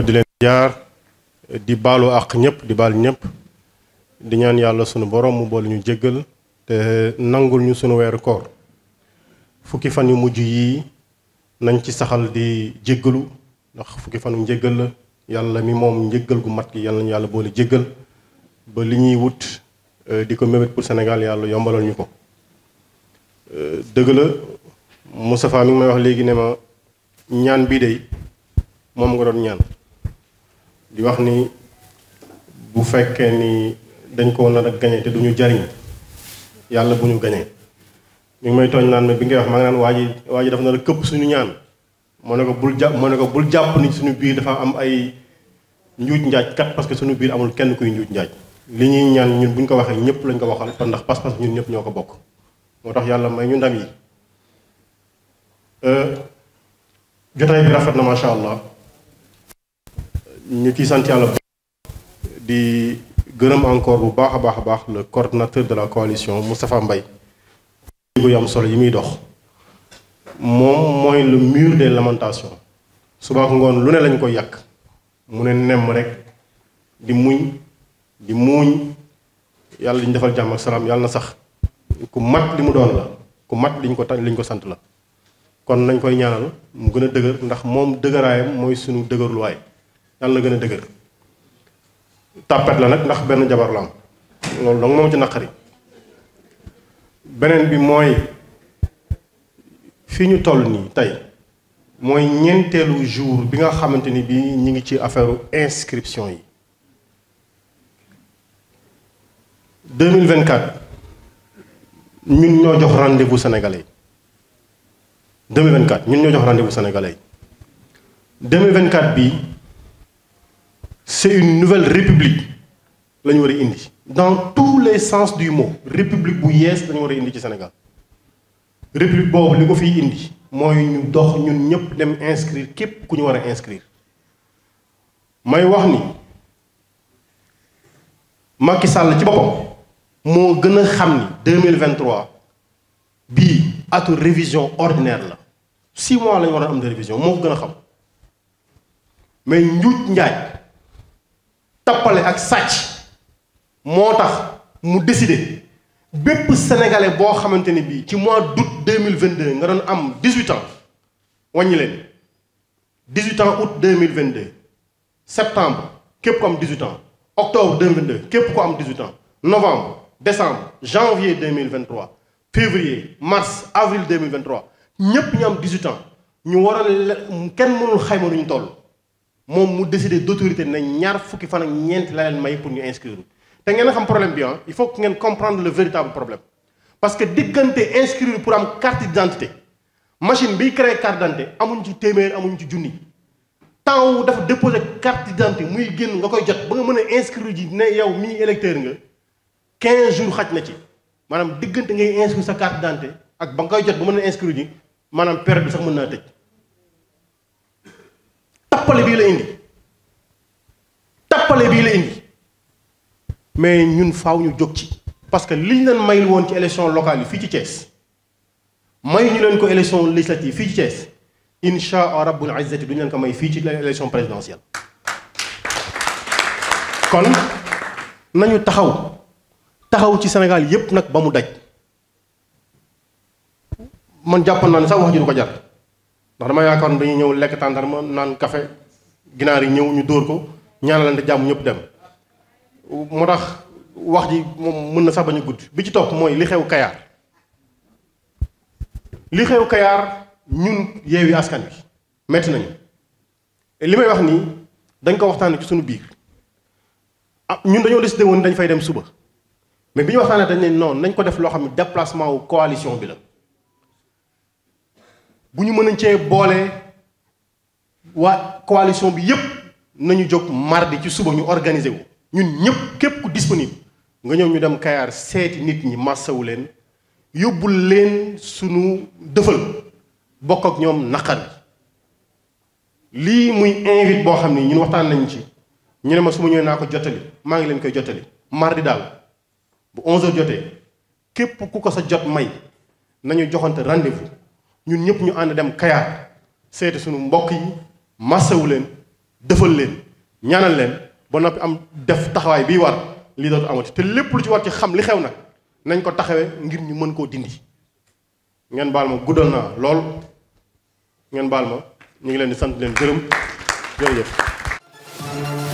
di leen jaar di baalu àq ñëpp di baal ñëpp di ñaan yàlla sunu borom mu boole ñu jéggal te nangul ñu sunu weeru koor fukki fan yu mujj yi nañ ci saxal di jéggalu ndax fukki fanu njéggal la yàlla mi moom njéggal gu mat gi yàlla ñu yàlla boole jéggal ba li ñuy wut euh, di ko mébét pour senegal yàlla yombalal ñu ko euh, dëgg la Moustapha mi ngi may wax léegi ne ma ñaan bii de moom nga doon ñaan di wax ni bu fekkee ni dañ ko nar a gañe te du ñu jariñ yàlla bu ñu gañe mi ngi may tooñ naan ma bi nga wax maa ngi naan waa ji waa ji dafa nar a këpp suñu ñaan moo ne ko bul jàpp moo ne ko bul jàpp suñu biir dafa am ay njuuj njaaj kat parce que suñu biir amul kenn kuy njuuj njaaj li ñuy ñaan ñun bu ñu ko waxee ñëpp lañ ko waxal te ndax pas-pas ñun ñëpp ñoo ko bokk moo tax yàlla may ñu ndam yi euh, jotaay bi rafet na macha allah ñu ciy sant yàlla di gërëm encore bu baax a baax a baax le coordonnateur de la coalition Moustapha Mbaye yu am solo yi muy dox moom mooy le mur des lamentations suba ngoon lu ne lañ koy yàq mu ne nemm rek di muñ di muñ yàlla li defal jàmm ak salaam yàlla na sax ku mat li mu doon la ku mat liñ ko tañ liñ ko sant la kon nañ koy ñaanal mu gën a dëgër ndax moom dëgëraayam mooy sunu dëgërluwaay yàlla na gën a dëgër tàppet la nag ndax benn jabar la am loolu donc moom ci naqari beneen bi mooy fii ñu toll nii tey mooy ñeenteelu jour bi nga xamante ni bii ñu ngi ci affaire inscription yi 2024 ñun ñoo jox rendez-vous sénégalais 2024 ñun ñoo jox rendez-vous sénégalais 2024 bii. c'est une nouvelle république la ñu war a indi dans tous les sens du mot république bu yees la war a indi ci Sénégal république boobu li ko fiy indi mooy ñu dox ñun ñëpp dem inscrire képp ku ñu war a inscrire may wax ni makki sàll ci boppam moo gën a xam ni deux mille vingt bii atu révision ordinaire la six mois la war a am de révision moo gën a xam mais njuuj njaaj tappale ak sàcc moo tax mu décidé bépp sénégalais boo xamante ni bii ci mois d'août deux mille vingt deux nga doon am dix huit ans wàññi leen dix huit ans août deux mille vingt deux septembre képp ko am dix huit ans octobre deux mille képp ko am dix huit ans novembre décembre janvier deux mille vingt trois février mars avril deux mille vingt ñëpp ñu am dix huit ans ñu waroon kenn mënul xayma lu toll. moom mu décidé d' autorité nañ ñaar fukki fan ak ñeent la leen may pour ñu inscrire te ngeen xam problème bi ah il faut que ngeen comprendre le véritable problème parce que diggante inscrire pour am carte d' machine bi créé carte d' identité ci téeméer amuñ ci junni temps wu dafa déposé carte d' muy génn nga koy jot ba nga mën a inscrire ji ne yow mii électeur nga 15 jours xaj na ci maanaam diggante ngay inscrire sa carte d' ak ba nga koy jot ba mën a inscrire maanaam période bi sax mën naa tëj. tappale bii la indi tappale bii la indi mais ñun faaw ñu jóg ci parce que liñ leen mayul woon ci élection locale yi fii ci Thiès may ñu leen ko élection législative fii ci Thiès inshaa rabbul izzati duñu leen ko may fii ci élection présidentielle kon nañu taxaw taxaw ci senegal yépp nag ba mu daj man jàpp naa ne sax wax ji ko jar ndax dama yaakaar ne dañuy ñëw lekk tàndarma naan kafe ginaar yi ñëw ñu dóor ko ñaanalante jàmm ñëpp dem moo tax wax ji moom mën na sax bañ guddi bi ci toog mooy li xew kayaar li xew kayaar ñun yeewi askan wi metti nañu li may wax nii dañ ko waxtaane ci suñu biir ah ñun dañoo décidé woon dañ fay dem suba mais bi ñu waxtaanee dañ ne non nañ ko def loo xam ne déplacement wu coalition bi la bu ñu mën a cee boole waa coalition bi yépp nañu jóg mardi ci suba ñu organiser wu ñun ñëpp képp ku disponible nga ñëw ñu dem Kayar seeti nit ñi massawu leen yóbbul leen sunu dëfal bokk ak ñoom naqar lii muy invite boo xam ne ñun waxtaan nañ ci ñu ne ma su ñëwee naa ko jottali maa ngi leen koy jottali mardi daal bu 11h jotee képp ku ko sa jot may nañu joxante rendez ñun ñëpp ñu ànd dem Kayaar seeti suñu mbokk yi massawu leen defal leen ñaanal leen ba noppi am def taxawaay bii war lii dootu amati te lépp lu ci war ci xam li xew na nañ ko taxawe ngir ñu mën koo dindi. ngeen baal ma guddal naa lool ngeen baal ma ñu ngi leen di sant leen gërëm jërëjëf.